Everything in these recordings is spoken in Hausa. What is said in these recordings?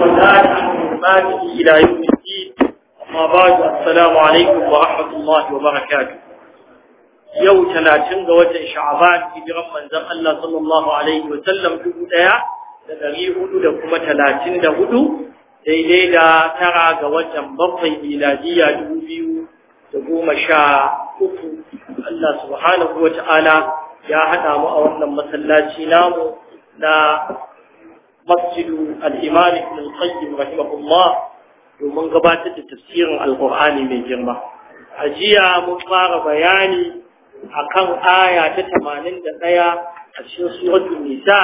وزاد عن حرماته إلى يوم الدين أما بعد السلام عليكم ورحمة الله وبركاته يوم ثلاثين قوات شعبان في الله صلى الله عليه وسلم da ɗari hudu kuma talatin da hudu daidai da tara ga watan bakwai miladiya dubu biyu da goma sha uku Allah subhanahu wa ya haɗa mu a wannan masallaci namu na مسجد الإمام ابن القيم رحمه الله domin gabatar da tafsirin alkur'ani mai girma a jiya mun fara bayani a kan aya ta 81 a cikin suratul nisa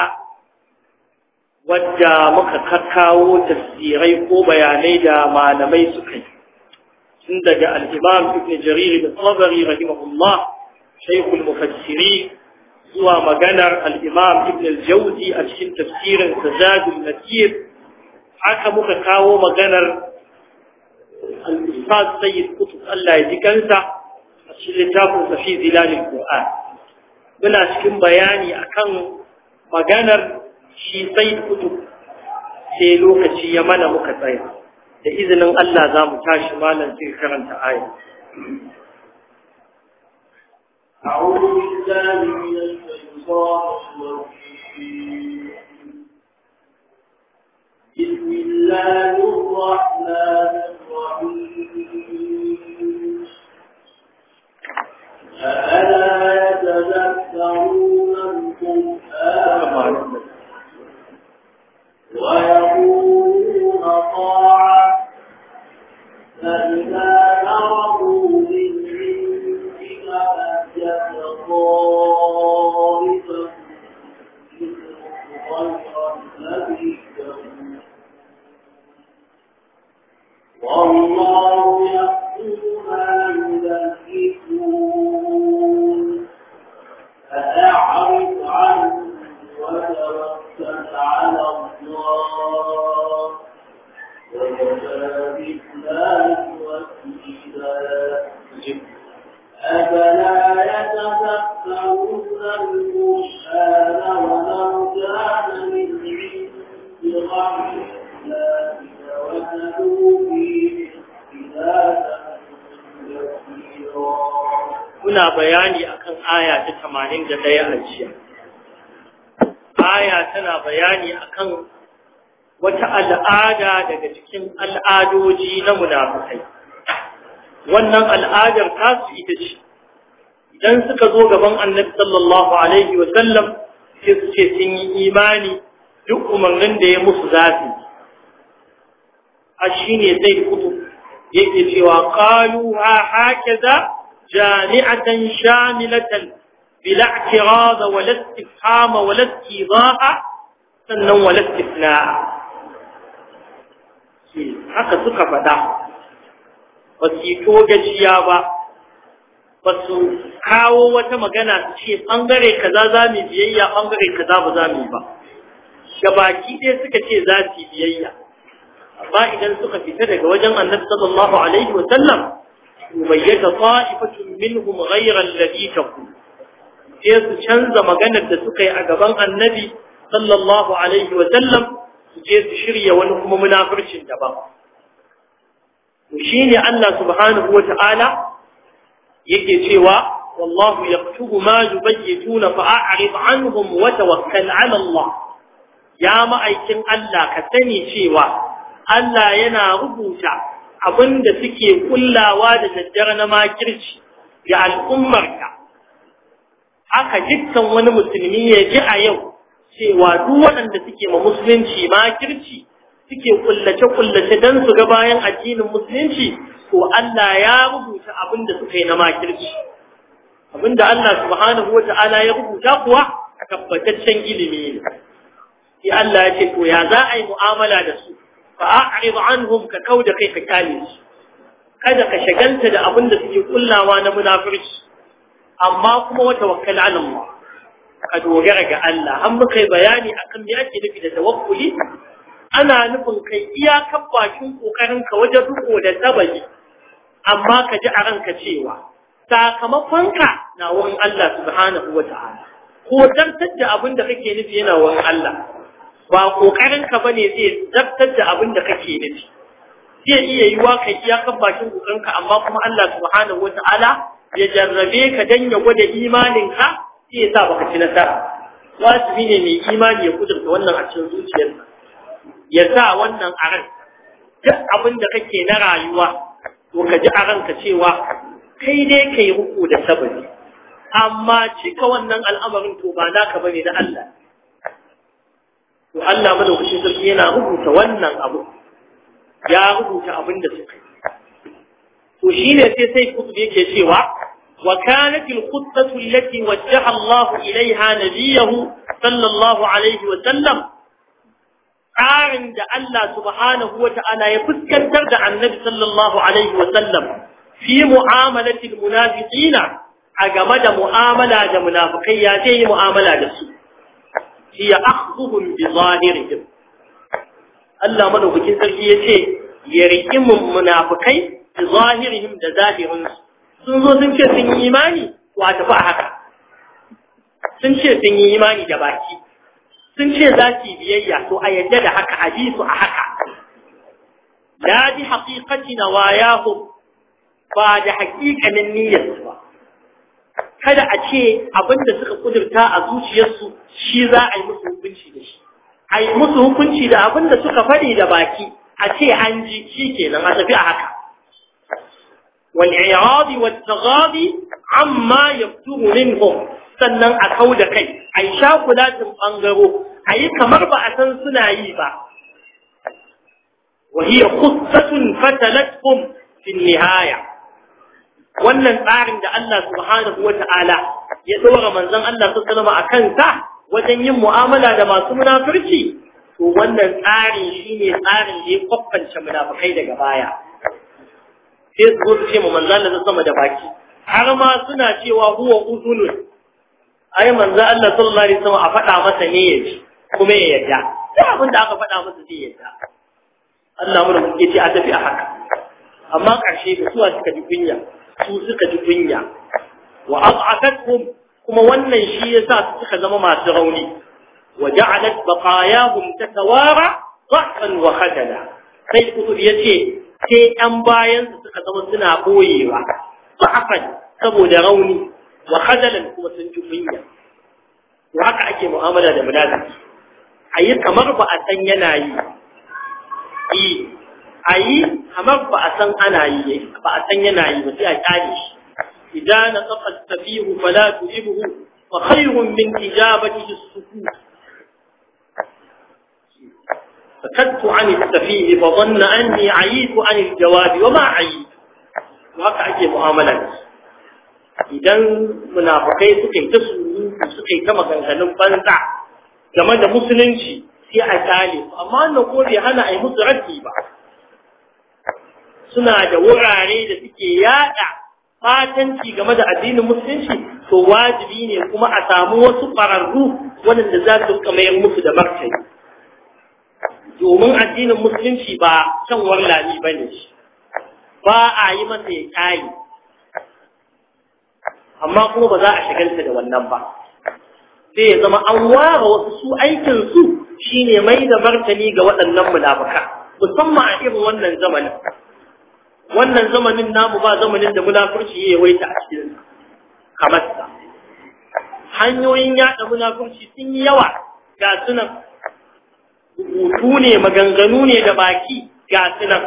wadda muka kakkawo tafsirai ko bayanai da malamai suka yi sun daga al-imam ibn jarir bin tabari rahimahullah shaykhul mufassiri zuwa maganar alimam Ibn al a cikin tafsirin Zadul Nasir haka muka kawo maganar al-Ustaz Sayyid Qutb Allah ya ji a cikin littafin safi fi Qur'an muna cikin bayani akan maganar shi Sayyid Qutb sai lokaci ya mana muka tsaya da izinin Allah za mu tashi malam sai karanta aya Bismillah. al'adar tasu ita ce idan suka zo gaban annabi sallallahu alaihi wa sallam sai su ce sun yi imani duk umarnin da ya musu zafi a shi ne zai kudu yake cewa ƙalu ha hake za jami'atan shamilatan bila kira da walatti hama walatti za a sannan walatti na haka suka faɗa ba su yi gajiya ba ba su kawo wata magana ce ɓangare kaza za mu biyayya ɓangare kaza ba za mu yi ba gabaki ɗaya suka ce za su yi biyayya amma idan suka fita daga wajen annabi sallallahu alaihi wa sallam umayyata ta'ifatun minhum ghayra alladhi taqul sai su canza maganar da suka yi a gaban annabi sallallahu alaihi wa sallam su je su shirya wani kuma munafurcin daban to ne Allah subhanahu wa ta'ala yake cewa wallahu yaktubu ma yubayyituna fa a'rid anhum wa wata 'ala Allah ya ma'aikin Allah ka sani cewa Allah yana rubuta abinda suke kullawa da daddare na makirci ga al'ummarka haka jikin wani musulmi ya ji a yau cewa duk waɗanda suke ma musulunci makirci suke kullace-kullace don su ga bayan addinin musulunci to Allah ya rubuta abin da suka yi na makirci abin da Allah subhanahu wa ta'ala ya rubuta kuwa a tabbataccen ilimi ne sai Allah ya ce to ya za a yi mu'amala da su fa a'rid anhum ka kauda kai ka kyale su kada ka shagalta da abin da suke kullawa na munafurci amma kuma wata tawakkal Allah ka dogara ga Allah an muka yi bayani akan me ake nufi da tawakkuli ana nufin kai iyakan bakin kokarinka wajen riko da tabari amma ka ji a ranka cewa sakamakonka na wurin Allah subhanahu wa ta'ala ko zartar da abin da kake nufi yana wurin Allah ba kokarinka bane zai zartar da abin da kake nufi zai iya yiwa kai iyakan bakin kokarinka amma kuma Allah subhanahu wa ta'ala ya jarrabe ka dan ya gwada imaninka zai ya sa baka ci nasara wajibi ne mai imani ya kudurta wannan a cikin zuciyarka. ya sa wannan a ran duk abin da kake na rayuwa to ka ji a ranka cewa kai dai ka yi ruku da sabari amma cika wannan al'amarin to ba naka bane na Allah to Allah madaukakin sarki yana rubuta wannan abu ya rubuta abin da suka to shine sai sai kutubi yake cewa wa وكانت الخطة التي وجه الله إليها نبيه sallallahu الله wa sallam? tsarin da Allah subhanahu wa ta'ala ya fuskantar da annabi sallallahu alaihi wa sallam fi mu'amalatil munafiqina a game da mu'amala da munafikai ya ce yi mu'amala da su shi ya akhdhuhum bi zahirihim Allah madaukakin sarki ya ce, ya mun munafikai bi zahirin da zahirin sun zo sun ce sun yi imani wa tafi a haka sun ce sun yi imani da baki sun ce za ki biyayya to a yadda da haka a bi su a haka la na waya ku. ba da haƙiƙanin niyyarsu ba kada a ce abin da suka kudurta a zuciyarsu shi za a yi musu hukunci da shi a yi musu hukunci da abin da suka faɗi da baki a ce an ji shi kenan a tafi a haka wal i'radi wata gadi amma yabtu minhum sannan a kau da kai a yi shakulatin ɓangaro a yi kamar ba a san suna yi ba وهي قصة فتلتهم في النهاية wannan tsarin da Allah subhanahu wa ta'ala ya ɗora manzon Allah su kalama a kansa wajen yin mu'amala da masu munafurci to wannan tsarin shine tsarin da ya kwakwance munafukai daga baya sai su zo su ce ma manzon Allah sama da baki har ma suna cewa huwa uzunun ai manzo Allah sallallahu alaihi wasallam a faɗa masa ne ya ji kuma ya yarda da abin da aka faɗa masa zai yarda Allah mun muke ce a tafi a haka amma ƙarshe da suwa suka ji kunya su suka ji kunya wa az'afatkum kuma wannan shi yasa suka zama masu rauni wa ja'alat baqayahum tatawara dhahkan wa khadala sai kutub yace sai ɗan bayan suka zama suna boyewa ba'afan saboda rauni wa khadalan kuma sun ji kunya to haka ake mu'amala da munafiki ayi kamar ba a san yana yi e, yi ayi kamar ba a san ana yi ba a san yana yi ba sai a kyale shi idan na tsafa tafihu fala tu'ibuhu fa khayrun min ijabati as-sukut فكدت عن السفيه فظن أني عييت عن الجواب وما عييت وهكذا أجي مؤاملة idan munafukai suka ta suru suka ta maganganun banza game da musulunci sai a tale su amma wannan ko bai hana a yi musu rafi ba suna da wurare da suke yaɗa fatanci game da addinin musulunci to wajibi ne kuma a samu wasu ƙwararru waɗanda za su rika mayar musu da martani domin addinin musulunci ba can warlami ba ne ba a yi masa ya ƙayi amma kuma ba za a shagalta da wannan ba sai ya zama an ware wasu su aikin su shine mai da martani ga waɗannan munafuka musamman a irin wannan zamanin wannan zamanin namu ba zamanin da munafurci ya yawaita a cikin kamar hanyoyin yaɗa munafurci sun yi yawa ga sunan rubutu ne maganganu ne da baki ga sunan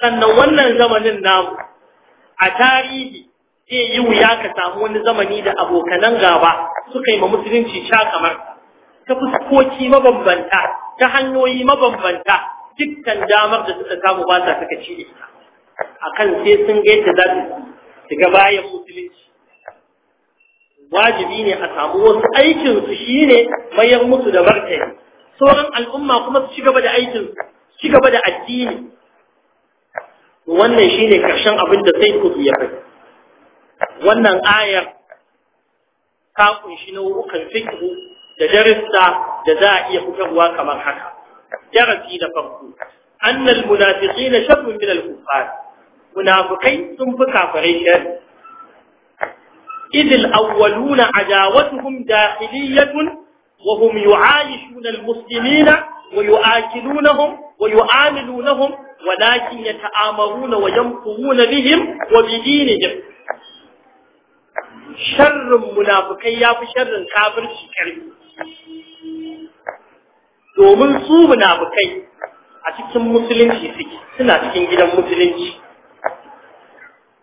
sannan wannan zamanin namu a tarihi zai yi wuya ka samu wani zamani da abokanan gaba suka yi ma musulunci sha kamar ta fuskoki mabambanta ta hanyoyi mabambanta dukkan damar da suka samu ba sa suka ci ita kan sai sun ga yadda za su shiga bayan musulunci wajibi ne a samu wasu aikin su shine mayar musu da martani sauran al'umma kuma su ci gaba da aikin su ci gaba da addini wannan shine karshen abin da sai ku ya faɗi wannan ayar ka kunshi nau'ukan fiqhu da darissa da za a iya fitarwa kamar haka darasi da farko annal munafiqina sharrun min al-kuffar munafiqai sun fi kafirai sharri idil awwaluna adawatuhum dakhiliyatun wa hum yu'ayishuna al-muslimina wa yu'akilunahum wa yu'amilunahum walakin yata'amaruna wa yanfuruna bihim wa bidinihim sharrin munafukai ya fi sharrin kafirci ƙarfi domin su munafukai a cikin musulunci suke suna cikin gidan musulunci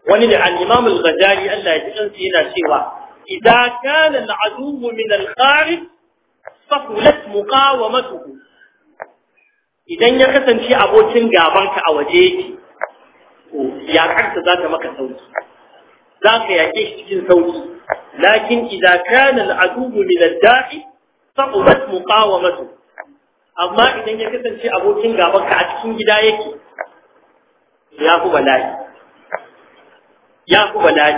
wani da al-imam al-ghazali Allah ya ji kansa yana cewa idza kana al-aduwwu min al-kharij fa muqawamatuhu idan ya kasance abokin gabanka a waje yake ya karta za ta maka sauki za ka yaƙe shi cikin sauki lakin idan kana al'adubu min ad-da'i saqubat muqawamatu amma idan ya kasance abokin gaban ka a cikin gida yake ya ku bala'i ya ku bala'i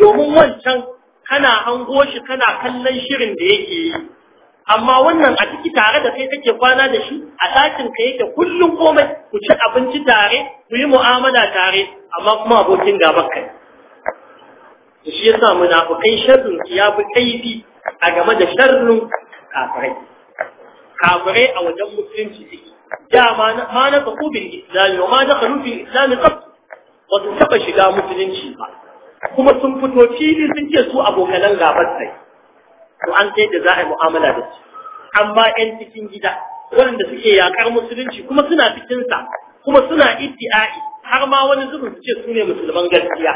domin wancan kana hango shi kana kallon shirin da yake yi amma wannan a ciki tare da kai kake kwana da shi a ɗakin ka yake kullum komai ku ci abinci tare ku yi mu'amala tare amma kuma abokin gaban ne shi yasa munafikai sharrin su ya fi kaifi a game da sharrin kafirai kafirai a wajen musulunci suke da ma na faku bil islami wa ma dakhalu fil islami qat ba su taɓa shiga musulunci ba kuma sun fito fili sun ce su abokanan gabar sai to an sai da za a yi mu'amala da su Amma yan cikin gida waɗanda suke yakar musulunci kuma suna cikinsa kuma suna iddi'ai har ma wani zubin su ce su ne musulman gaskiya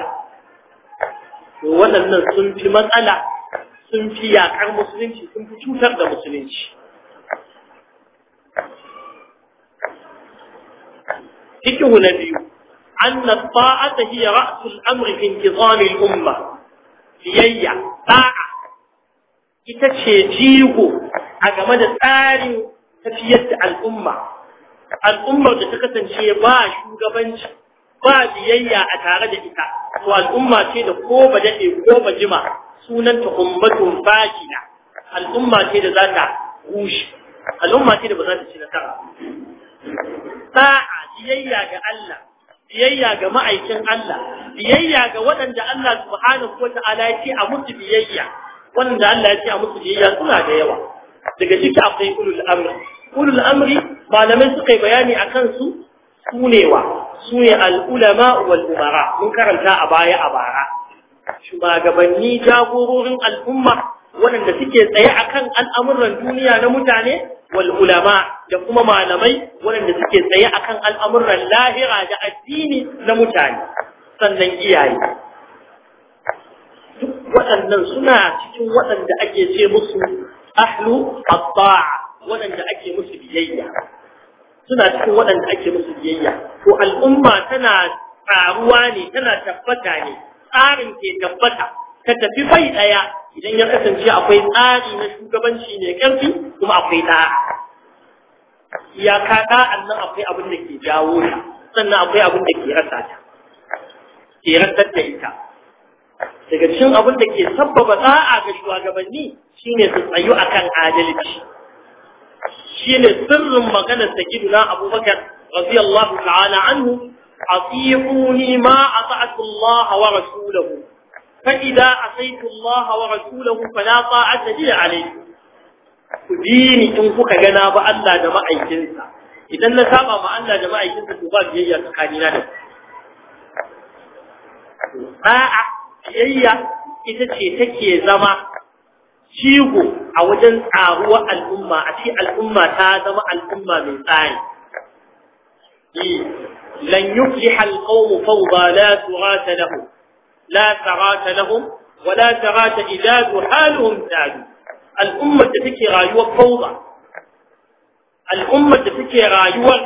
waɗannan sun fi matsala sun fi yaƙar musulunci sun fi cutar da musulunci fikihu na biyu أن الطاعة هي رأس الأمر في انتظام الأمة biyayya ba'a ita ce jigo a game da tsarin tafiyar da al'umma al'ummar da ta kasance ba shugabanci ba biyayya a tare da ita to al'umma ce da ko ba dade ko ba jima sunan ta ummatun bakina al'umma ce da za ta kushi al'umma ce da ba za ta ci nasara sa'a biyayya ga Allah biyayya ga ma'aikin Allah biyayya ga waɗanda Allah subhanahu wata'ala ya ce a musu biyayya waɗanda Allah ya ce a musu biyayya suna da yawa daga ciki akwai ulul amri ulul amri malamai suka yi bayani akan su sunewa su ne al'ulama wal umara mun karanta a baya a bara shugabanni jagororin al'umma waɗanda suke tsaye akan al'amuran duniya na mutane wal ulama da kuma malamai waɗanda suke tsaye akan al'amuran lahira da addini na mutane sannan iyaye duk waɗannan suna cikin waɗanda ake ce musu ahlu abba waɗanda ake musu biyayya suna cikin waɗanda ake musu biyayya Ko al'umma tana tsaruwa ne tana tabbata ne tsarin ke tabbata ka tafi bai ɗaya idan ya kasance akwai tsari na shugabanci mai ƙarfi kuma akwai ɗaya iyaka ɗa'an nan akwai abin da ke jawo ta sannan akwai abin da ke rasa ta ke rasa da ita daga cikin abin da ke sabbaba ɗa'a ga shugabanni shine su tsayu akan adalci shine sirrin maganar sayyidina abubakar radiyallahu ta'ala anhu atiquni ma ata'atu Allah wa rasulahu fa idza asaitu Allah wa rasulahu fala ta'ata li alayhi dini in kuka gana na ba Allah da ma'aikinsa idan na saba ma da ma'aikinsa to ba biyayya tsakani na da biyayya ita ce take zama jigo a wajen tsaruwa al'umma a ce al'umma ta zama al'umma mai tsari lan yufliha alqawmu fawda la tughata lahum la tughata lahum wa la tughata idadu haluhum tadu al'umma da take rayuwar fawda al'umma da take rayuwar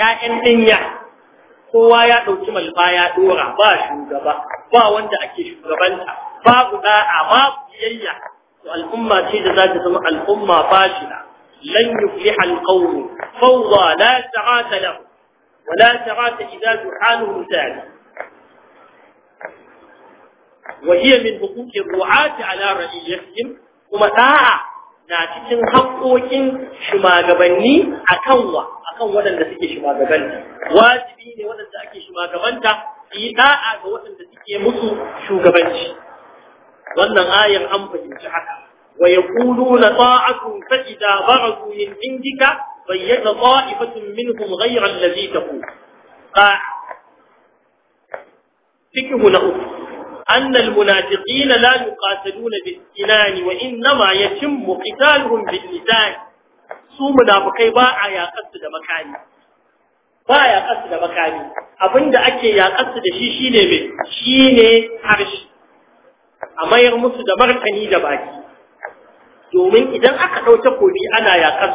ƴaƴan dinya kowa ya dauki malfa ya dora ba shugaba ba wanda ake shugabanta babu da'a babu biyayya to al'umma ce da za ta zama al'umma fashila lan yufliha alqawm fawda la ta'ata lahu wa la ta'ata idza duhaluhu tani wa hiya min huquqi ru'ati ala ra'iyatihim kuma ta'a na cikin haƙoƙin shugabanni a kan wa a kan waɗanda suke shugabanni wajibi ne waɗanda ake shugabanta yi ɗa'a ga waɗanda suke musu shugabanci wannan ayan an fahimci haka wa yaquluna ta'atun fa idza ba'du min indika bayyana ta'ifatun minhum ghayra allazi taqul فكه له أن المنافقين لا يقاتلون بالسنان وإنما يتم قتالهم باللسان su munafukai ba a yaƙarsu da makami ba a yaƙarsu da makami abinda ake yaƙarsu da shi shine mai harshe a mayar musu da martani da baki domin idan aka ɗauke kobi ana yaƙar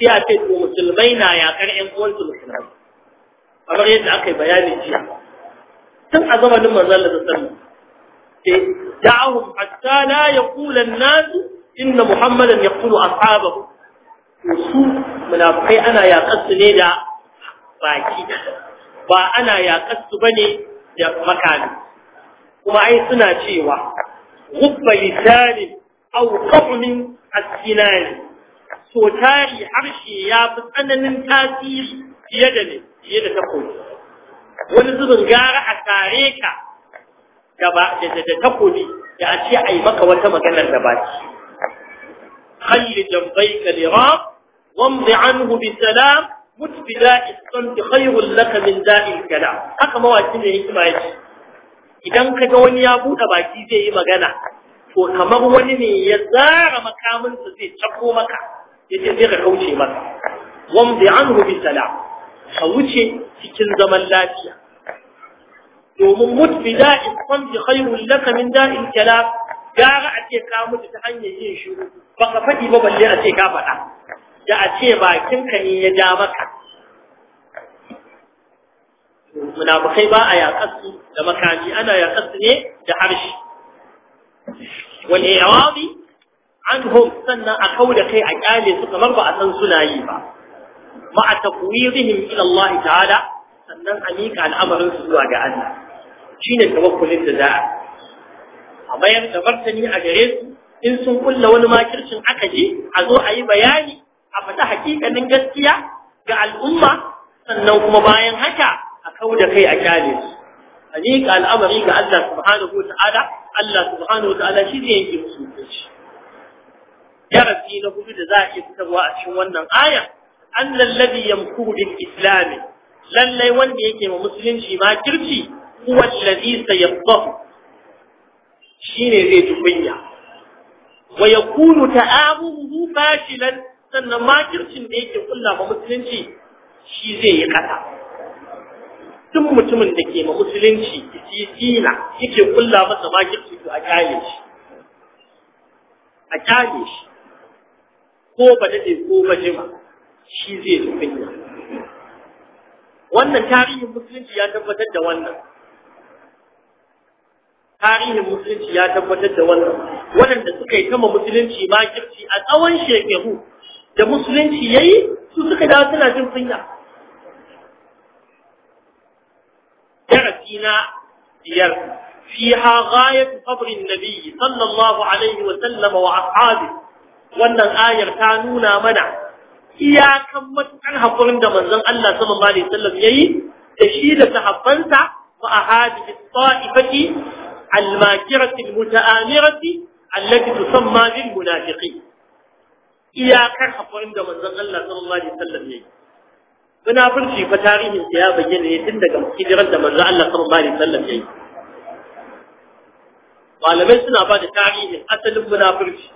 sai a ce to musulmai na yaƙar ƴan uwansu musulmai kamar yadda aka yi bayanin jiya tun a zamanin manzon da sallallahu sai eh, da'ahum hatta la yaqula an-nas inna muhammadan yaqulu ashabahu to su munafikai ana yaƙar su ne da baki ba ana yaƙar su bane da makami kuma ai suna cewa غب لسان أو قطم السنان سوتاري حرشي يا بسأنن تاثير يدني يد تقول ونزل غارة أتاريكا da takobi da a ce a yi maka wata maganar da ba ci. Halli jambai ka lira, an hubi salam, mutu bi da'i son laka min da'in kala. Haka mawakin da hikima idan ka ga wani ya buɗe baki zai yi magana to kamar wani ne ya zara makaminsa zai cako maka ya ce zai ka kauce maka wamdi anhu bi salam ka wuce cikin zaman lafiya domin mut bi da'in samti khairul laka min da'in kalam gara a ce ka mutu ta hanyar yin shiru ba ka faɗi ba balle a ce ka faɗa da a ce bakinka ne ya ja maka munafukai ba a yaƙasu da makami ana yaƙasu ne da harshe wal i'radi anhum sannan a kauda kai a ƙyale su kamar ba a san suna yi ba ma a taqwirihim ila Allah ta'ala sannan a mika al'amarin su zuwa ga Allah shine tawakkulin da za a mayar da martani a gare su in sun kulla wani makircin aka ji a zo a yi bayani a faɗi hakikanin gaskiya ga al'umma sannan kuma bayan haka kau da kai a kyale su a miƙa al'amari ga Allah subhanahu wa ta'ala Allah subhanahu wa ta'ala shi ne yake musu hukunci darasi na hudu da za a iya fitarwa a cikin wannan aya an lallabi yamkuru bil lallai wanda yake ma musulunci ma kirci huwa allazi sayaffahu shine zai tukunya wa yakunu ta'abuhu fashilan sannan makircin da yake kulla musulunci shi zai yi kasa duk mutumin da ke ma musulunci yake kulla masa bakin to a kyale shi a kyale shi ko ba dade ko ba jima shi zai ji wannan tarihin musulunci ya tabbatar da wannan tarihin musulunci ya tabbatar da wannan waɗanda suka yi kama musulunci makirci a tsawon shekaru da musulunci ya yi su suka dawo suna jin kunya darasi na biyar fiha ghayat fadlin nabi sallallahu alaihi wa sallam wa ashabi wannan ayar ta nuna mana iyakan matukan da manzon Allah sallallahu alaihi wasallam yayi da shi da sahabbansa wa ahadi ta'ifati al-makirati al-muta'amirati allati tusamma bil munafiqin iyakar hakurin da manzon Allah alaihi yayi munafurci fa tarihin sa ya bayyana ne tun daga hijiran da manzo Allah sallallahu alaihi wasallam yayi malamai suna ba da tarihin asalin munafurci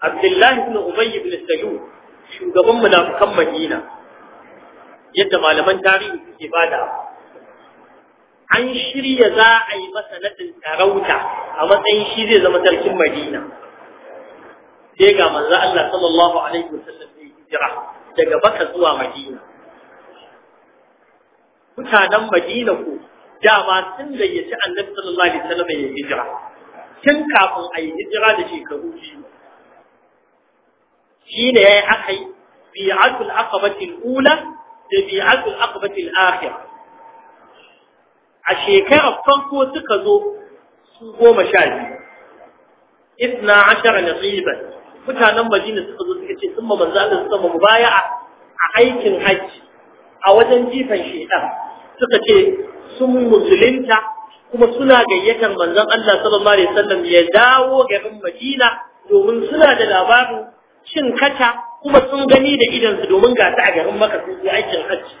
Abdullah ibn Ubay ibn Salul shugaban munafikan Madina yadda malaman tarihi suke bada an shirya za a yi masa nadin sarauta a matsayin shi zai zama sarkin Madina sai ga manzo Allah sallallahu alaihi wasallam ya hijira daga baka zuwa madina mutanen madina ko dama sun gayyaci annabi sallallahu alaihi wasallam ya hijira tun kafin a yi hijira da shekaru biyu shi ne ya yi aka yi ula da bi'atul aqabatil akhir a shekarar farko suka zo su goma sha biyu isna ashara nasiban mutanen Madina suka zo suka ce sun ma manzo Allah suka mubaya'a a aikin hajji a wajen jifan shedan suka ce sun musulunta kuma suna gayyatar manzon Allah sallallahu alaihi wasallam ya dawo garin Madina domin suna da labarin cin kata kuma sun gani da idansu domin ga ta a garin Makka sun yi aikin hajji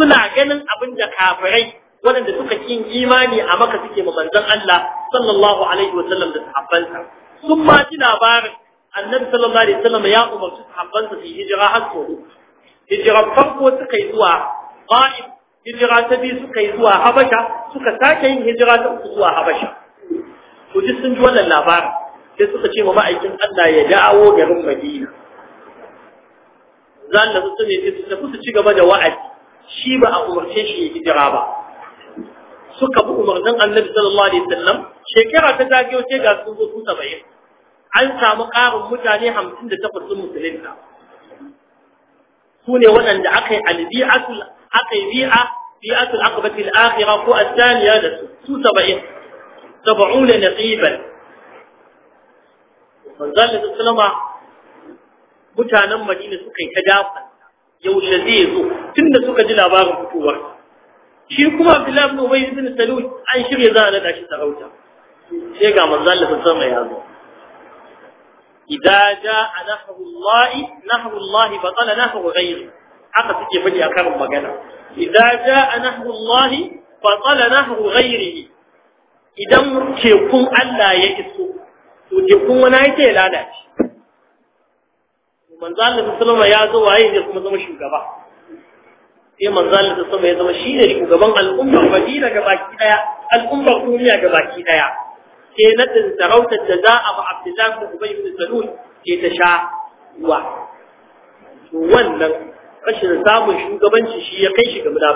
suna ganin abin da kafirai waɗanda suka kin imani a maka suke ma manzon Allah sallallahu alaihi wasallam da sahabbansa sun ma ji labarin annabi sallallahu alaihi wasallam ya umarci sahabbansa su hijira har sau hijiran farko suka yi zuwa ba'in hijira ta biyu suka yi zuwa habasha suka sake yin hijira ta uku zuwa habasha to duk sun ji wannan labarin sai suka ce wa ma'aikin Allah ya dawo garin Madina zan da su ne su tafi su ci gaba da wa'azi shi ba a umarce shi ya hijira ba suka bi umarnin annabi sallallahu alaihi wasallam shekara ta zagayo sai ga sun zo su saba'in an samu ƙarin mutane hamsin da takwas sun musulunta su ne waɗanda aka yi albi'atul aka yi bi'a bi'atul aqbatil akhirah ko azaniya da su su saba'in sab'una naqiban manzo Allah sallama mutanen Madina suka yi ta dafa yau da zai zo tunda suka ji labarin fitowar shi kuma Abdullahi ibn Ubay ibn Salul an shirya za a nada shi sarauta sai ga manzo Allah sama ya zo idza jaa nahru Allah nahru Allah batala nahru ghayri haka suke faɗi a karin magana idza jaa nahru Allah batala nahru ghayrihi idan tekun Allah ya iso to tekun wani yake ya lalace manzo Allah sallallahu alaihi wasallam ya zo waye ne kuma zama shugaba sai manzo Allah ta sama ya zama shi ne shugaban al'ummar Madina baki daya al'ummar duniya gabaki daya na nadin sarautar da za a ba Abdullah ibn Ubay ibn Salul ke ta sha wa wannan rashin samun shugabanci shi ya kai shi ga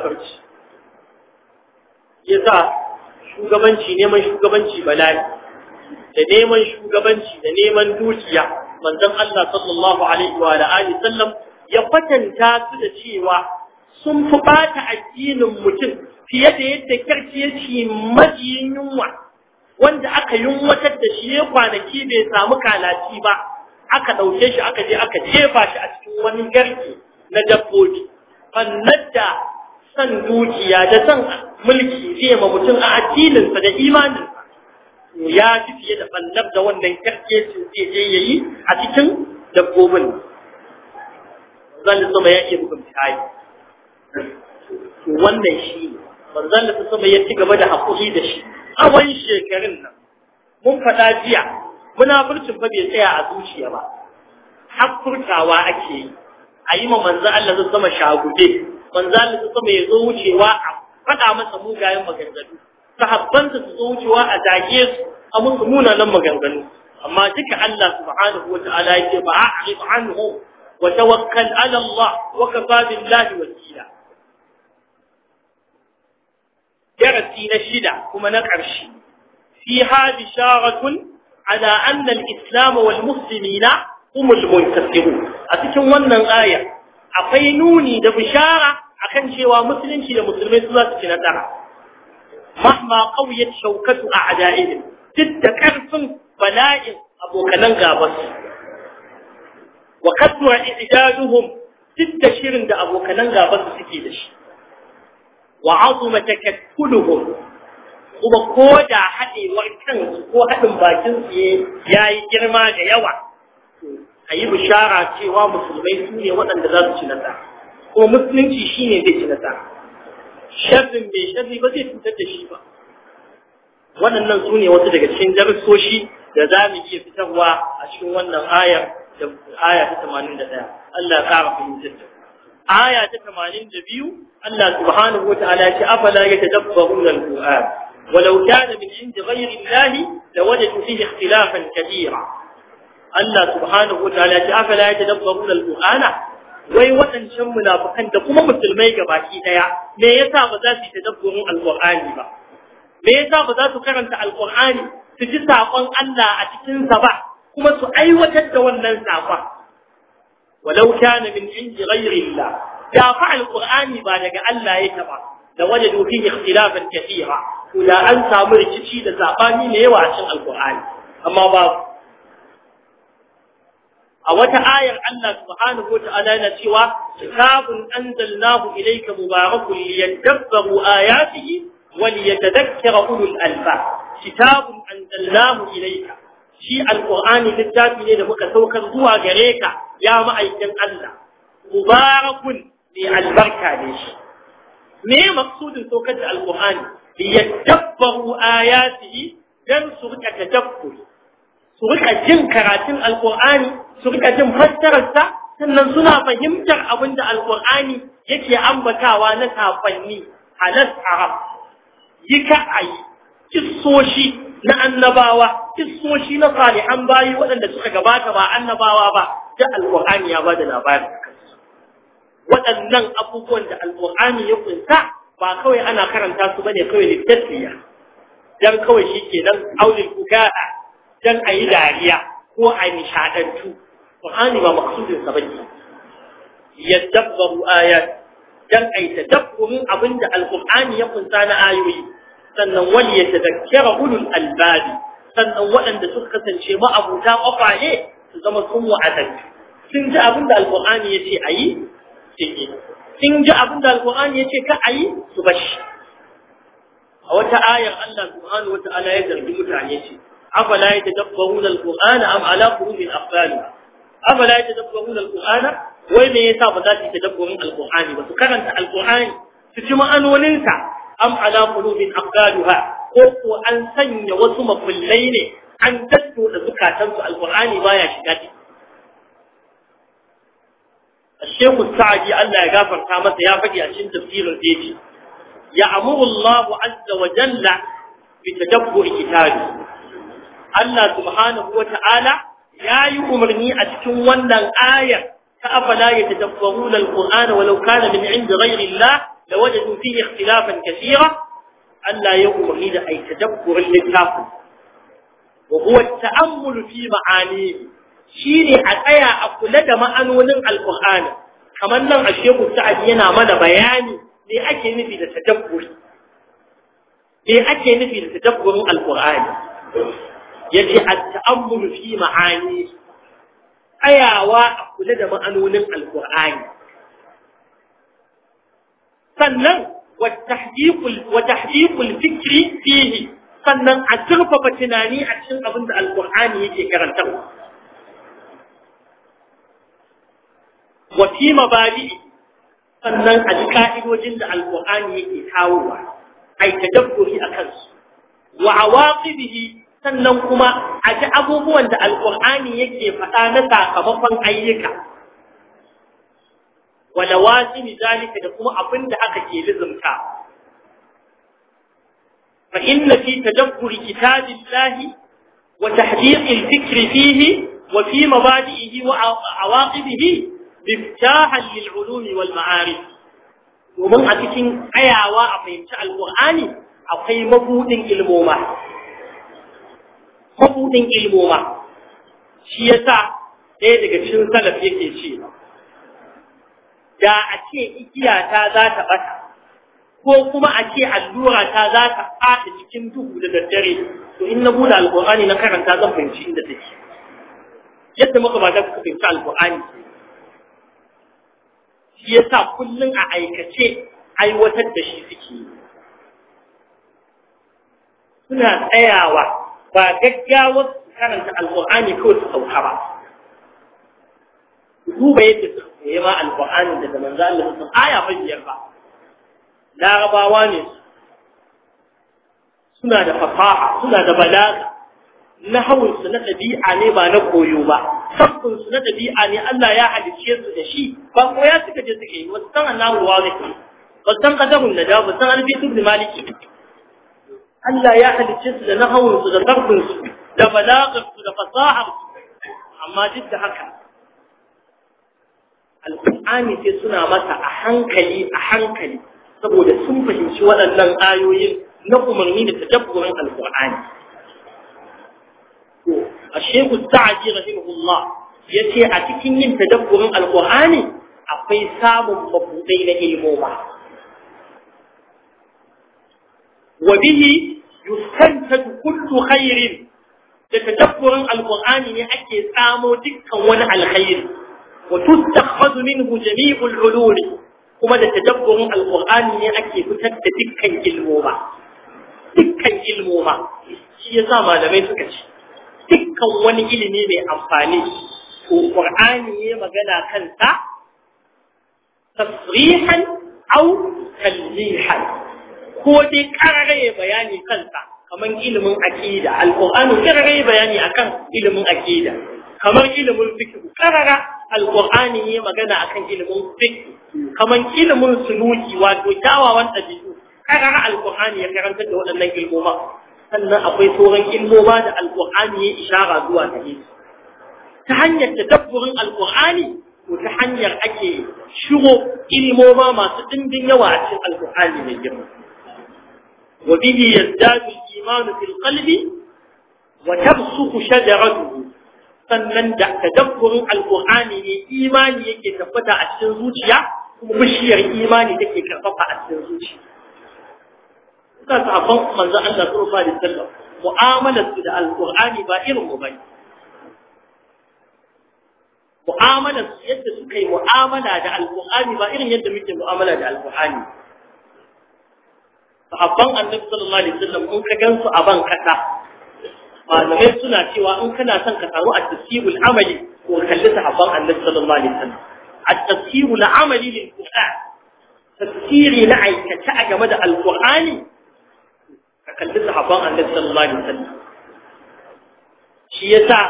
Ya sa shugabanci neman shugabanci bala'i da neman shugabanci da neman dukiya manzon Allah sallallahu alaihi wa alihi sallam ya kwatanta su da cewa sun fi ɓata addinin mutum fiye da yadda kyarci ya ci majiyin yunwa wanda aka yunwatar da shi ya kwanaki bai samu kalaci ba aka ɗauke shi aka je aka jefa shi a cikin wani garki na dabbobi fannar da san dukiya da san mulki zai ma mutum a addininsa da imanin ya fi fiye da fannar da wannan kyarce su zai ya yi a cikin dabbobin zan sama ya iya bugun wannan shi ne manzon da sama ya ci gaba da haƙuri da shi wani shekarun nan mun faɗa jiya munafurcin fa bai tsaya a zuciya ba hakurtawa ake yi a yi ma manzon Allah zai zama shagube manzon Allah zai sama ya zo wucewa a faɗa masa mugayen maganganu sahabbansa su zo wucewa a zage su a mun munanan maganganu amma duka Allah subhanahu wa ta'ala yake ba a anhu wa tawakkal ala Allah wa kafa billahi darasi na shida kuma na ƙarshe fiha bisharatun ala anna al-islam wal muslimina humul muntasirun a cikin wannan aya akwai nuni da bishara akan cewa musulunci da musulmai su za su ci nasara mahma shaukatu a a'da'ihim duk da karfin bala'in abokanan gabas wa kasura ijaduhum duk da shirin da abokanan gabas suke da shi wa azuma takakkuluhum kuma ko da haɗewar kan ko haɗin bakin su ya yi girma da yawa a yi bishara cewa musulmai su ne waɗanda za su ci nasara kuma musulunci shi ne zai ci nasara sharrin bai sharri ba zai cutar da shi ba waɗannan su ne wasu daga cikin darsoshi da za mu iya fitarwa a cikin wannan ayar da ayar ta 81 Allah ya ƙara fahimtar da aya ta tamanin da biyu, Allah subhanahu wataala ya ce afala yatadabbaruna al-Qur'an ولو كان من عند غير الله لوجدوا فيه اختلافا كثيرا الله سبحانه وتعالى أفلا Al-Qur'an. wai waɗancan munafukan da kuma musulmai gabaki ɗaya me yasa ba za su al alqur'ani ba me yasa ba za su karanta al alqur'ani su ji sakon Allah a cikin sa ba kuma su aiwatar da wannan sakon ولو كان من عند غير الله يا فعل القرآن بارك ألا يتبع لوجدوا فيه اختلافا كثيرا ولا أنسى مرتشي لزعباني ليوا عشان القرآن أما باب أوت آية الله سبحانه وتعالى نسيوا كتاب أنزلناه إليك مبارك ليتدبروا آياته وليتذكر أولو الألفاء كتاب أنزلناه إليك shi Alƙur'ani littafi ne da muka saukar zuwa gare ka ya ma'aikin Allah mubarakun ne albarka ne shi me maksudin saukar da alqur'ani liyadabbaru ayatihi dan su rika tadabburi su rika jin karatun Alƙur'ani, su rika jin fassararsa sannan suna fahimtar abin da alqur'ani yake ambatawa na safanni halas arab yi ka ayi kissoshi na annabawa kissoshi na salihan bayi waɗanda suka gabata ba annabawa ba da alƙur'ani ya bada labarin waɗannan abubuwan da alƙur'ani ya kunta ba kawai ana karanta su bane kawai littafiya dan kawai shi ke nan aulil kukara dan a yi dariya ko a nishaɗantu ƙur'ani ba maksudin sa bane yadabbaru ayat dan a yi tadabburin abin da alƙur'ani ya kunta na ayoyi sannan wani ya tadakkara ulul albabi sannan waɗanda suka kasance ma'abuta kwakwale su zama sun wa'adan sun ji abin da alƙur'ani ya ce a yi sun yi sun ji abin da alƙur'ani ya ce ka a yi su bashi a wata ayar Allah subhanahu wa ta'ala ya zargi mutane ce afala yatadabbaruna alqur'ana am ala qulubin aqfalha afala yatadabbaruna alqur'ana wai me yasa ba za su tadabburin alqur'ani ba su karanta alqur'ani su ji ma'anoninsa am ala qulubin aqdaluha ko ko an sanya wasu mafullai ne an tattu da zukatan su alqur'ani baya shiga ci Sheikh Sa'di Allah ya gafarta masa ya fadi a cikin tafsirin da yake ya amuru Allah azza wa jalla bi Allah subhanahu wa ta'ala ya yi umarni a cikin wannan ayar ta afala yatadabbaruna alqur'ana walau kana min 'indi ghayri Allah لوجدوا فيه اختلافا كثيرا ألا يؤمن إذا أي تدبر للتافل وهو التأمل في معانيه شيني أتايا أقول دم أنون القرآن كما أن الشيخ السعد ينامنا بياني لأجل نفي لتدبر لأجل نفي لتدبر القرآن يجي التأمل في معانيه أيا وأقول دم أنون القرآن sannan wa tahdiqul fikri fihi sannan a turfafa tunani a cikin abin da alqur'ani yake karantarwa Wafi mabadi sannan a ji ka'idojin da alqur'ani yake kawowa ai tadabburi akan su wa awaqibihi sannan kuma a ji abubuwan da alqur'ani yake faɗa na sakamakon ayyuka wa lawazimi zalika da kuma abin da aka ke lizumta fa inna fi tadabburi kitabillahi wa tahdiqil fikri fihi wa fi mabadi'ihi wa awaqibihi miftahan lil ulumi wal ma'arif domin a cikin ayawa a fahimci alqur'ani akwai mabudin ilmoma mabudin ilmoma shi yasa ɗaya daga cikin salaf yake ce da a ce igiya ta za ta bata ko kuma a ce allura ta za ta fata cikin duhu da daddare to in na bude Alƙur'ani na karanta zan fahimci inda take yadda muka ba ta fahimci Alƙur'ani? shi yasa kullun a aikace aiwatar da shi suke suna tsayawa ba gaggawa karanta Alƙur'ani kawai su sauka ba duba yadda ya ma alƙur'anin daga manzo Allah sun aya fa biyar ba larabawa ne suna da fasaha suna da balaga nahawun su na ɗabi'a ne ba na koyo ba sabbin su na ɗabi'a ne Allah ya halicce su da shi ba ya suka je suka yi wasu san Allah ruwa ne ba san kadarun da da ba san alfi da maliki Allah ya halicce su da nahawun su da sabbin su da balagar su da fasahar su amma duk da haka Al-Qur'ani sai suna masa a hankali a hankali saboda sun fahimci waɗannan ayoyin na umarni da tadabburin alƙur'ani to a shehu sa'adi rahimahullah ya ce a cikin yin tadabburin qurani akwai samun mabuɗai na ba. wa bihi yustantadu kullu khairin da tadabburin qurani ne ake samo dukkan wani alkhairi wa tustakhadhu minhu jami'ul ulumi kuma da tadabburin alqur'ani ne ake fitar da dukkan ilmoma dukkan ilmoma shi yasa malamai suka ce dukkan wani ilimi mai amfani ko qur'ani ne magana kansa tasrihan aw talmihan ko dai karare bayani kansa kamar ilimin aqida alqur'ani karare bayani akan ilimin aqida kamar ilimin fiqh karara alqur'ani ne magana akan ilimin fiqh kaman ilimin suluki wato kyawawan dabi'u kaga alqur'ani ya karantar da waɗannan ilmoma sannan akwai sauran ilmoma da alqur'ani ya ishara zuwa gare ta hanyar tadabburin alqur'ani ko ta hanyar ake shigo ilmoma masu dindin yawa a cikin alqur'ani mai girma wa bihi yazdadu al-iman fil qalbi wa tabsuqu shajaratuhu sannan da tadabburin Alƙur'ani ne imani yake tabbata a cikin zuciya kuma bishiyar imani take karfafa a cikin zuciya suka sahabban manzo Allah sallallahu alaihi wasallam mu'amalar su da Alƙur'ani ba irin mu bane mu'amalar su yadda suka yi mu'amala da Alƙur'ani ba irin yadda muke mu'amala da alqur'ani sahabban annabi sallallahu alaihi wasallam kun ka gansu a ban kasa malamai suna cewa in kana son ka samu at-tasirul amali ko kalli sahabban annabi sallallahu alaihi wasallam at-tasirul amali lil qur'an tafsiri na aikace a game da al alqur'ani ka kalli sahabban annabi sallallahu alaihi wasallam shi yasa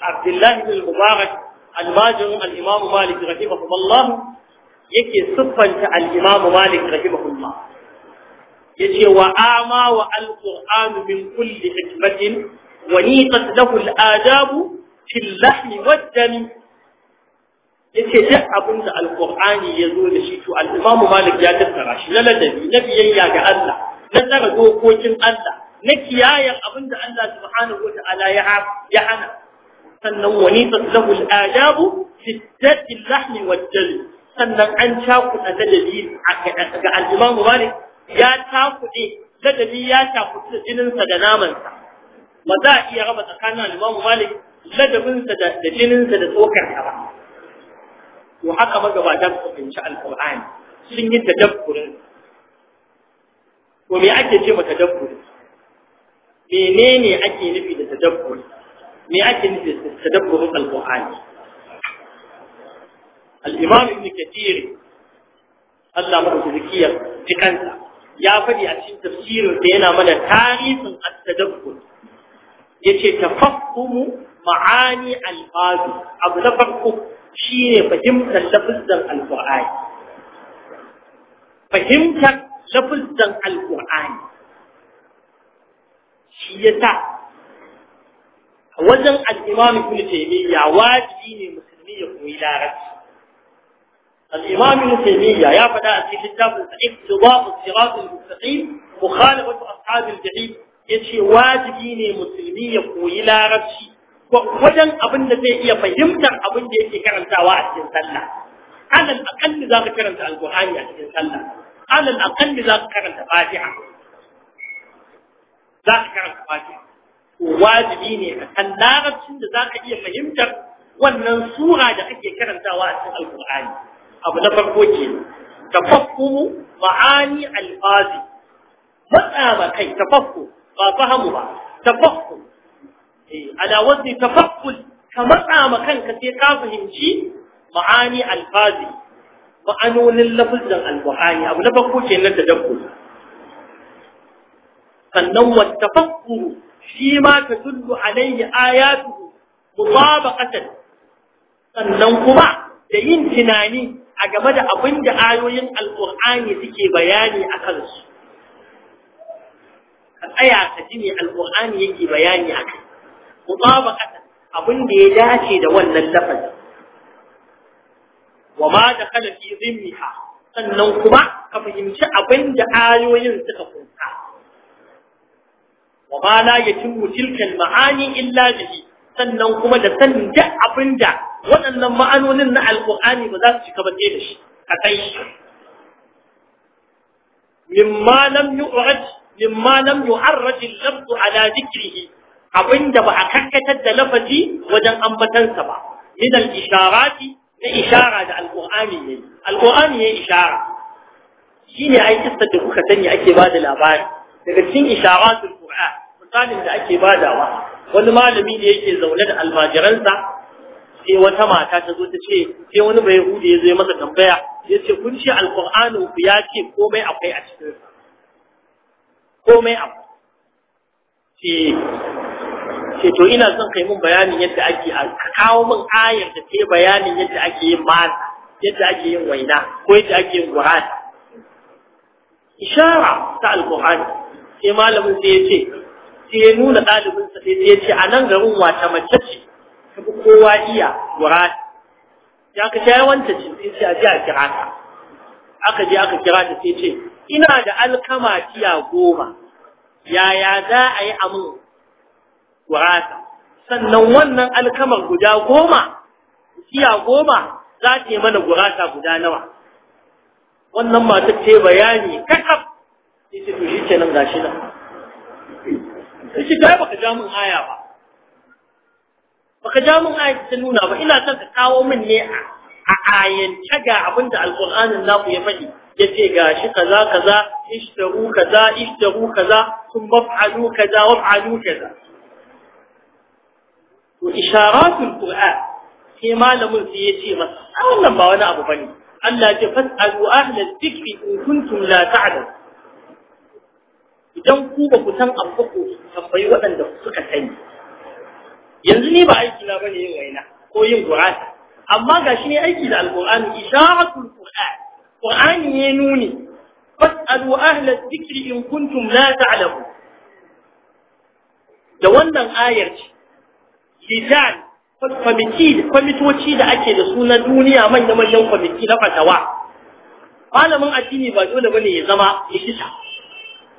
Abdullahi bin Mubarak al almajirin al-Imam Malik rahimahullah yake siffanta al-Imam Malik rahimahullah yace wa ama wa alquran min kulli hikmatin wa niqat lahu adabu, fil lahmi wad dami yace duk abin da alqur'ani ya zo da shi to al-imamu malik ya tattara shi na ladabi na biyayya ga Allah na tsara dokokin Allah na kiyayen abin da Allah subhanahu wata'ala ya hana sannan wani tsallahu al'adabu adabu, dadin lahmi wa sannan an cakuɗa da dalil ga al-imamu malik ya takuɗe ladabi ya takuɗe da jininsa da namansa ba za a iya raba tsakanin alimamu malik ladabinsa da jininsa da tsokarsa ba to haka magabata su fahimci alƙur'ani sun yi tadabburin to me ake ce ma tadabburi menene ake nufi da tadabburi me ake nufi da tadabburin alƙur'ani al-imam ibn kathir Allah madaukakin ya ji kansa ya faɗi a cikin tafsirin da yana mana tarihin at-tadabbur yace tafahhumu ma'ani al-alfaz abu na farko shine fahimtar lafazan al-qur'ani fahimtar lafazan al-qur'ani shi yasa wajen al-imam ibn taymiya wajibi ne musulmi ya koyi larabci الإمام ابن تيمية يا فدا في كتاب اقتضاء الصراط المستقيم مخالفة أصحاب الجحيم yace wajibi ne musulmi ya koyi larabci wajen abin da zai iya fahimtar abin da yake karantawa a cikin sallah alal aqalli za ka karanta alqur'ani a cikin sallah alal aqalli za ka karanta fatiha za ka karanta fatiha wajibi ne ka larabcin da za ka iya fahimtar wannan sura da kake karantawa a abu na farko ke tafakku ma'ani alfazi matsa ma kai tafakku ba fahimu ba tafakku eh, ala wazni tafakkul ka matsa ma kanka sai ka fahimci ma'ani alfazi ma'anonin lafazin albuhari abu na farko ke nan da dabbo sannan wata fakku shi ma ta tullu alayhi ayatu mutabaqatan sannan kuma da yin tunani a game da abin da ayoyin alƙur'ani suke bayani a kansu ka tsaya ka ji ne alƙur'ani yake bayani a kai ku tsaba abin da ya dace da wannan lafazi wa ma da kala fi zimmiha sannan kuma ka fahimci abin da ayoyin suka kunsa wa ma la yatimmu tilka maani illa bihi sannan kuma da sanin duk abin da waɗannan ma'anonin na alƙur'ani ba za su cika ba da shi a kai shi mimma lam yu'raj mimma lam yu'arraj al-lafz ala dhikrihi abinda ba a kakkatar da lafazi wajen ambatansa ba min al-isharati na ishara da alƙur'ani ne alƙur'ani ne ishara shine ai kissa da kuka sani ake bada labari daga cikin isharatul qur'an misalin da ake badawa wani malami ne yake zaune da almajiransa sai wata mata ta zo ta ce sai wani bai hude ya zo ya masa tambaya ya ce kun ce alƙur'anin ku ya ce komai akwai a cikin komai akwai ce to ina son kai mun bayanin yadda ake a kawo min ayar da ta bayanin yadda ake yin mata yadda ake yin waina ko yadda ake yin qur'ani ishara ta Alƙur'ani sai malamin sai ya ce sai ya nuna ɗalibinsa sai ya ce a nan garin wata mace ce kowa iya wura ya ka sai wanta ce sai a ji a kira ka aka je aka kira ta sai ce ina da alkama tiya goma yaya za a yi amin wurata sannan wannan alkamar guda goma tiya goma za ta yi mana gurasa guda nawa wannan matar ce bayani kakaf Sai to shi ce nan gashi nan sai shi ta baka ja min aya ba baka ja mun ayat ta nuna ba ina son ka kawo min ne a ayance ga abinda da alqur'anin naku ya faɗi yace gashi kaza kaza ishtaru kaza ishtaru kaza kun maf'alu kaza waf'alu kaza to isharatul qur'an sai malamin sai yace masa a wannan ba wani abu bane Allah ya fasalu ahla dhikri in kuntum la ta'lam idan ku ba ku san abu ku tambayi waɗanda suka sani yanzu ni ba aiki na bane yin waina ko yin qur'ani amma ga shi ne aiki da alqur'ani isharatul qur'an qur'ani ne nuni fasalu ahla dhikri in kuntum la ta'lamun da wannan ayar ce lisan kwamiti kwamitoci da ake da suna duniya manyan manyan kwamiti na fatawa malamin addini ba dole bane ya zama likita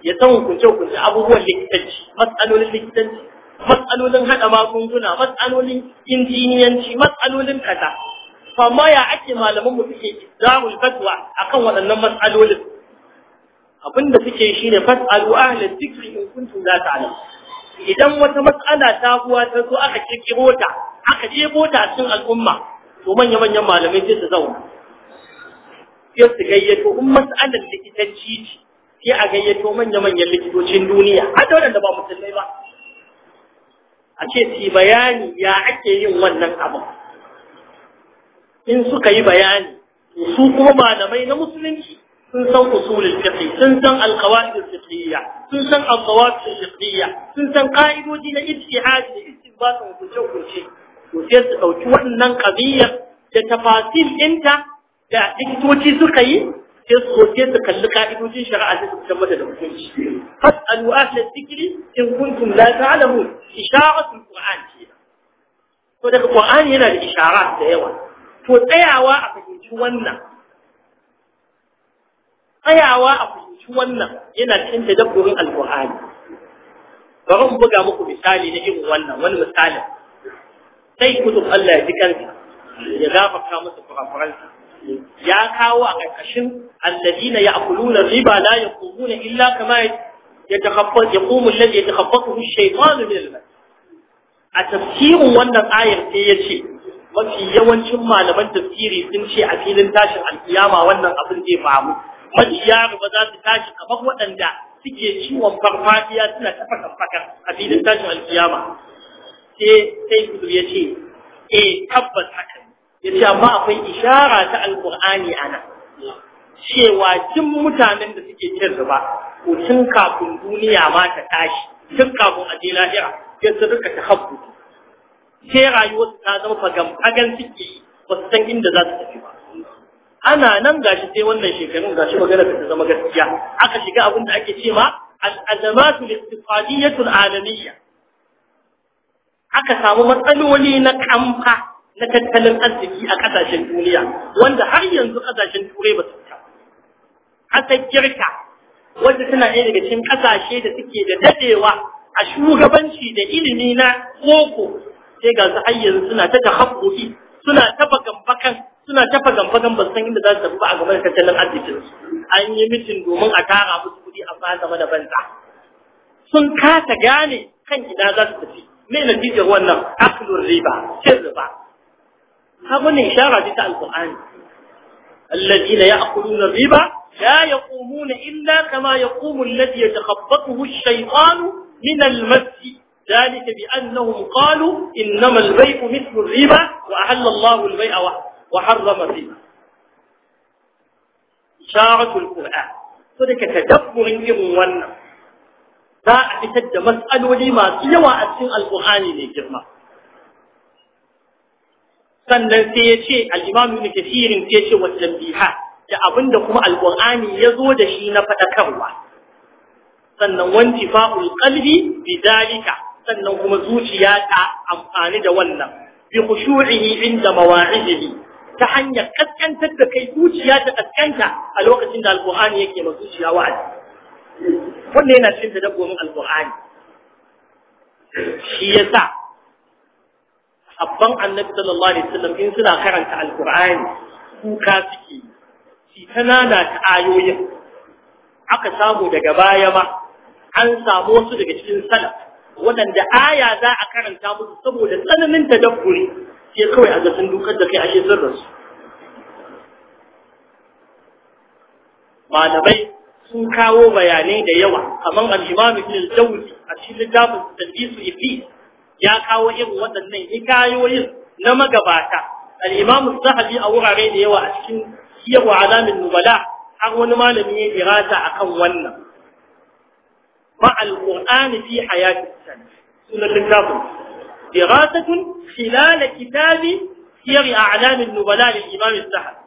ya san hukunce hukunce abubuwan likitanci matsalolin likitanci matsalolin haɗa magunguna matsalolin injiniyanci matsalolin kaza amma ya ake malaman mu suke izdahul fatwa akan waɗannan matsalolin abinda suke shi shine fasalu ahli dhikri in kuntum la ta'lamun idan wata matsala ta kuwa ta zo aka kirkiro ta aka jebo ta cikin al'umma to manya manyan malamai sai su zauna sai su gayyato in matsalar likitanci ce sai a gayyato manya manyan likitocin duniya har da waɗanda ba musulmai ba a ce ti bayani ya ake yin wannan abin in suka yi bayani su kuma malamai na musulunci sun san usulul fiqh sun san alqawaid fiqhiyya sun san alqawaid fiqhiyya sun san qa'idoji na ijtihad da istinbat da kuce kuce to sai su dauki wannan qadiyya da tafasil ɗinta da likitoci suka yi sai su soke su kalli ka'idojin shari'a sai su fitar mata da hukunci fas'alu ahla dhikri in kuntum la ta'lamun isharatul qur'an ce to daga qur'ani yana da ishara da yawa to tsayawa a fahimci wannan tsayawa a fahimci wannan yana cikin tadabburin alqur'ani bari mu buga muku misali na irin wannan wani misalin sai kutub Allah ya ji kansa ya gafarta musu kurakuransa ya kawo a ƙarƙashin alladina ya'kuluna riba la yaqumuna illa kama yatakhaffat yaqumu alladhi yatakhaffatuhu ya shaytanu min al-mas a tafsirin wannan ayar sai ce mafi yawancin malaman tafsiri sun ce a filin tashin alkiyama wannan abin zai faru yaro ba za su tashi kamar waɗanda suke ciwon farfadiya suna ta fakan a filin tashin alkiyama sai sai ya ce eh tabbas haka yace amma akwai ishara ta alqur'ani ana cewa duk mutanen da suke cin zuba ko tun kafin duniya ma ta tashi tun kafin a je lahira sai su ta tahabbu sai rayuwarsu ta zama fagan fagan suke ba su san inda za su tafi ba ana nan gashi sai wannan shekarun gashi magana ta zama gaskiya aka shiga abin da ake ce ma al'azamatu al-iqtisadiyatu al-alamiyya aka samu matsaloli na kamfa na tattalin arziki a ƙasashen duniya wanda har yanzu ƙasashen turai ba su fita Ƙasar girka wanda tana ɗaya daga cikin ƙasashe da suke da daɗewa a shugabanci da ilimi na koko sai ga su har yanzu suna ta tahaffufi suna ta bakan suna ta fagan ba san inda za su tafi ba a game da tattalin arzikin su an yi mitin domin a tara musu kuɗi a fasa mana banza sun kasa gane kan ina za su tafi me natijar wannan aklur riba cin riba أقول إشارة جدا القرآن الذين يأكلون الربا لا يقومون إلا كما يقوم الذي يتخبطه الشيطان من المس ذلك بأنهم قالوا إنما البيع مثل الربا وأحل الله البيع وحرم الربا إشارة القرآن ذلك تدبر إن ونم za a fitar da matsaloli masu yawa sannan sai ya ce al-imam ibn kathir sai ya ce wasu tanbiha da abinda kuma alqur'ani ya zo da shi na fadakarwa sannan Fa'ul qalbi bidalika sannan kuma zuciya ta amfani da wannan bi khushu'ihi inda mawa'idihi ta hanyar kaskantar da kai zuciya ta kaskanta a lokacin da alurani yake ma zuciya wa'azi wannan yana cikin tadabburin alqur'ani shi yasa habban annabi sallallahu alaihi wasallam in suna karanta alqur'ani kuka suke shi kanana ta ayoyin aka samu daga baya ma an samu su daga cikin salaf waɗanda aya za a karanta musu saboda tsananin tadabburi sai kawai a ga sun dukar da kai ashe malamai sun kawo bayanai da yawa kamar al-imam ibn al-jawzi a cikin littafin tadbisu iblis ya kawo irin waɗannan hikayoyin na magabata al-Imam Zahabi a wurare da yawa a cikin siyarwa alamin nubala har wani malami ya a kan wannan ma al-Qur'ani fi hayati sunan littafin دراسة خلال كتاب سير أعلام النبلاء للإمام الزهبي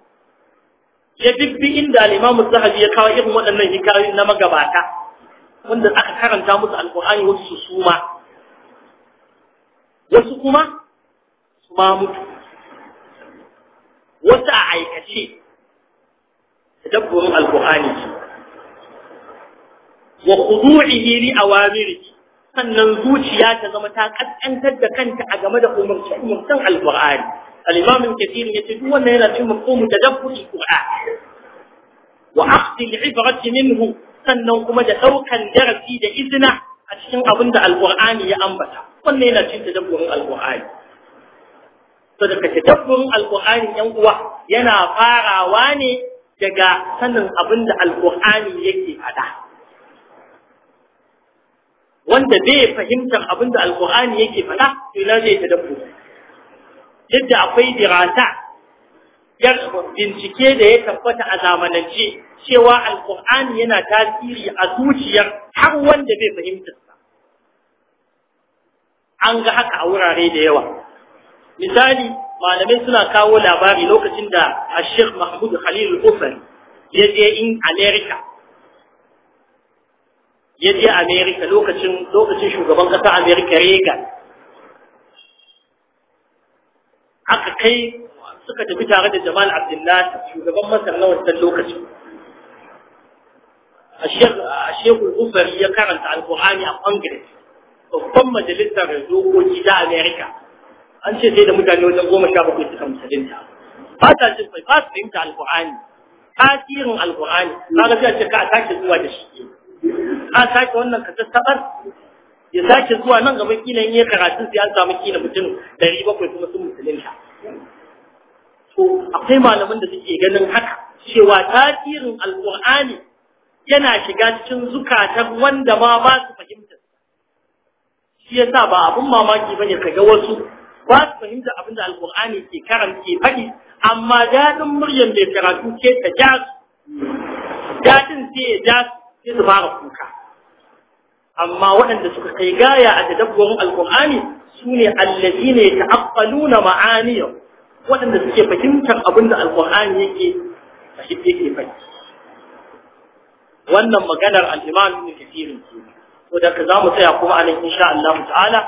ya bibbi inda al-Imam Zahabi ya kawo irin waɗannan hikayoyin na magabata wanda aka karanta musu al alƙur'ani wasu su suma wasu kuma su ma mutu wasu a aikace da dabbobin alqur'ani ce wa khudu'ihi li awamirihi sannan zuciya ta zama ta kaskantar da kanta a game da umarci umarcin alqur'ani al-imam al-kathir yace duk wannan yana cikin mafhumin tadabburi qur'an wa akhdhi al-ibrati minhu sannan kuma da daukan darasi da izina a cikin abin da alƙur'ani ya ambata wannan yana cin tadabburin alƙur'ani to daga tadabburin alƙur'ani yan uwa yana farawa ne daga sanin abin da alƙur'ani yake faɗa wanda bai fahimtar abin da alƙur'ani yake faɗa to ina zai tadabburi yadda akwai dirata bincike da ya tabbata a zamanance cewa alƙur'ani yana tasiri a zuciyar har wanda bai fahimta an ga haka a wurare da yawa misali malamai suna kawo labari lokacin da ashir mahmud khalil al ya je in america ya je america lokacin lokacin shugaban kasa america reagan aka kai suka tafi tare da jamal abdullahi shugaban masar na wancan lokacin ashir ashir al ya karanta alqur'ani a congress babban majalisar dokoki ta Amerika an ce sai da mutane wajen goma sha bakwai suka musulunta ba ta jin ba su fahimta alkur'ani tasirin alkur'ani na ga ce ka a sake zuwa da shi ka sake wannan ka sassaɓar ya sake zuwa nan gaba kila yin yi karatu sai an samu kila mutum ɗari bakwai kuma sun musulunta to akwai malamin da suke ganin haka cewa tasirin alkur'ani yana shiga cikin zukatan wanda ma ba su fahimta shi yasa ba abun mamaki bane kaga wasu ba su fahimta abin da alkur'ani ke karan ke faɗi amma daɗin muryan mai karatu ke ta ja su daɗin sai ya ja su sai su fara kuka amma waɗanda suka kai gaya a tadabburin alkur'ani su ne allazi ne ta'aqqaluna ma'aniyar waɗanda suke fahimtar abin da alkur'ani yake yake faɗi wannan maganar al-imam ibn kathir to da za mu tsaya kuma anan insha Allah ta'ala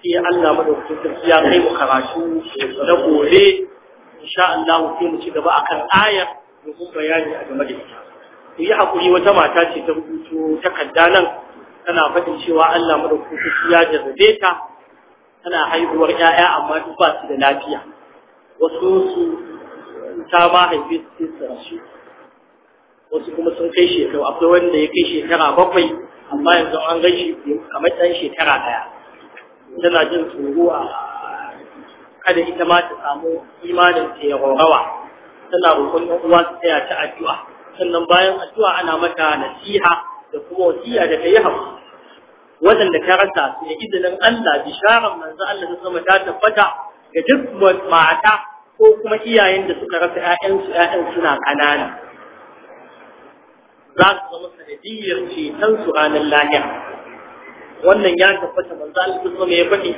sai Allah madaukakin sarki ya kai mu karatu na gobe insha Allah sai mu ci gaba akan ayar domin bayani a game da ita ku yi hakuri wata mata ce ta rubuto takarda nan tana faɗin cewa Allah madaukakin sarki ya jarrabe ta tana haihuwar 'ya'ya amma duk ba su da lafiya wasu su ta ma haife su sai su wasu kuma sun kai shekaru akwai wanda ya kai shekara bakwai amma yanzu an gan shi kamar ɗan shekara ɗaya tana jin tsoro a kada ita ma ta samu imanin ta ya horawa tana roƙon ɗan uwa su taya ta addu'a sannan bayan addu'a ana mata nasiha da kuma wasiya da ta yi hau waɗanda ta rasa su ya izinin Allah bisharar manzo Allah ta zama ta tabbata ga duk mata ko kuma iyayen da suka rasa 'ya'yansu 'ya'yan suna ƙanana za su zama sanadiyyar ceton su ranar lahira wannan ya tabbata manzo Allah sun ya faɗi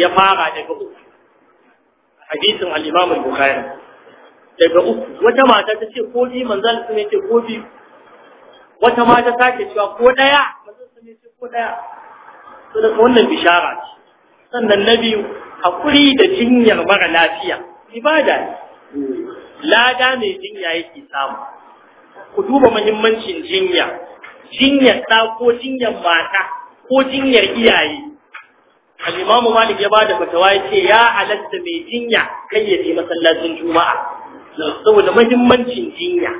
ya fara daga uku hadisin al-Imam al-Bukhari daga uku wata mata ta ce ko bi manzo Allah sun ce ko bi wata mata ta ce cewa ko daya manzo sun ce ko daya to da wannan bishara ce sannan na biyu hakuri da jinyar mara lafiya ibada ne lada mai jinya yake samu ku duba muhimmancin jinya jinyar ɗa ko jinyar mata ko jinyar iyaye al malik ya bada fatawa ya ce ya halatta mai jinya kai ya je masallacin juma'a saboda muhimmancin jinya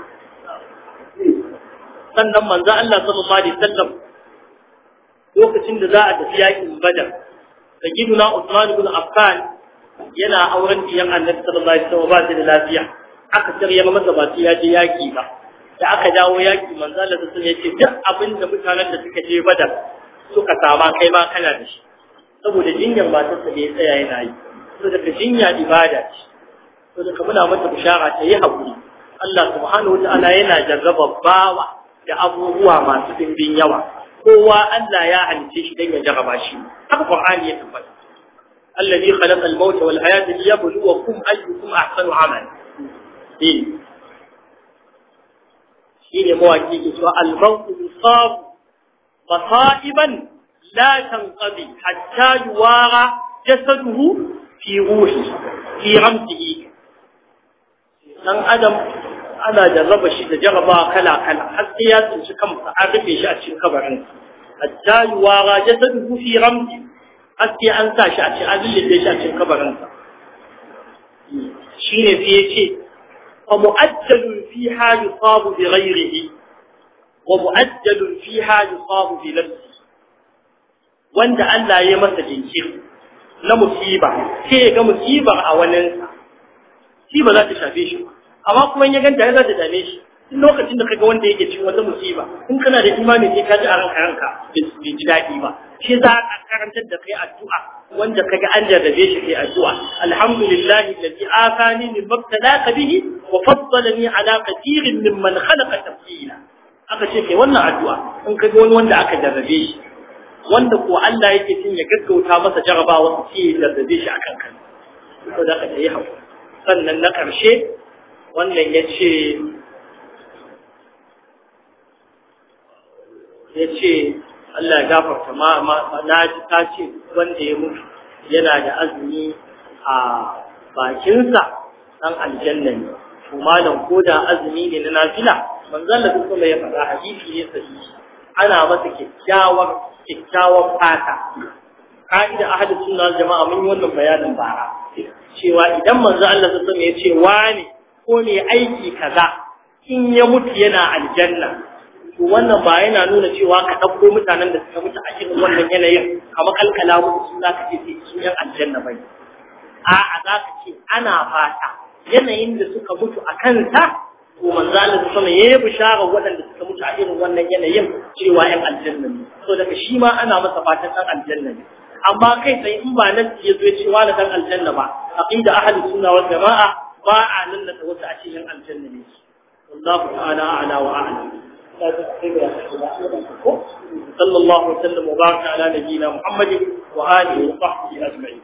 sannan manzo Allah sallallahu alaihi wasallam lokacin da za a tafi yakin badar da giduna Usman ibn Affan yana auren yan Annabi sallallahu alaihi wasallam ba da lafiya aka tarye masa ba ya je yaki ba da aka dawo yaki manzo Allah ta sanya ce duk abin da mutanen da suka je badar suka sama kai ma kana da shi saboda jinyar ba ta tsaye tsaya yana yi saboda jinya ibada ce saboda ka muna mata bishara ta yi hakuri Allah subhanahu wataala yana jarraba bawa da abubuwa masu dimbin yawa kowa Allah ya halice shi dan ya jarraba shi haka Qur'ani ya tabbata الذي خلق الموت والحياة ليبلوكم أيكم أحسن عملا shine mawaki ke cewa al-mawtu yusab masaiban la tanqadi hatta yuwara jasaduhu fi ruhi fi ramdihi dan adam ana jarraba shi da jarraba kala kala har sai ya tsinci kansa an rufe shi a cikin kabarin hatta yuwara jasaduhu fi ramdi har sai an sa shi a cikin azilin shi a cikin kabarin sa shine sai yace فمؤجل فيها يصاب بغيره ومؤجل فيها يصاب بنفسه wanda Allah ya masa jinkiri na musiba sai ya ga musibar a waninsa shi ba za ta shafe shi ba kuma ya ganta za ta dame shi lokacin da kaga wanda yake cikin wata musiba in kana da imani sai ka ji a ranka ranka bai ji daɗi ba shi za a karantar da kai addu'a wanda kaga an jarrabe shi kai addu'a alhamdulillahi alladhi afani min mabtalaka bihi wa faddalani ala kathirin mimman khalaqa tafsila aka ce kai wannan addu'a in kaga wani wanda aka jarrabe shi wanda ko Allah yake cin ya gaggauta masa jarabawa sai ya jarrabe shi akan kan saboda ka yi hakuri sannan na ƙarshe wannan ya ce ya ce Allah ya gafarta na ji ta ce wanda ya mutu yana da azumi a bakinsa ɗan aljanna ne to malam ko da azumi ne na nafila manzon da duk ya faɗa hadisi ne sahihi ana masa kyakkyawar kyakkyawar fata ka'ida ahli sunna jama'a mun yi wannan bayanin bara cewa idan manzo Allah sallallahu alaihi ya ce wani ko ne aiki kaza in ya mutu yana aljanna to wannan ba yana nuna cewa ka ɗauko mutanen da suka mutu a cikin wannan yanayin kama kalkala musu su za ka ce su yan aljanna bai a'a za ka ce ana fata yanayin da suka mutu a kansa to manzo Allah sama yayi bishara waɗanda suka mutu a irin wannan yanayin cewa yan aljanna ne so daga shi ma ana masa fatan ɗan aljanna ne amma kai sai in ba nan ya zo cewa da dan aljanna ba aqida ahli sunna wal jamaa ba a nan da wasu a cikin aljanna ne wallahu ta'ala a'la wa صلى الله وسلم وبارك على نبينا محمد وآله وصحبه أجمعين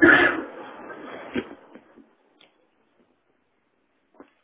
Thank you.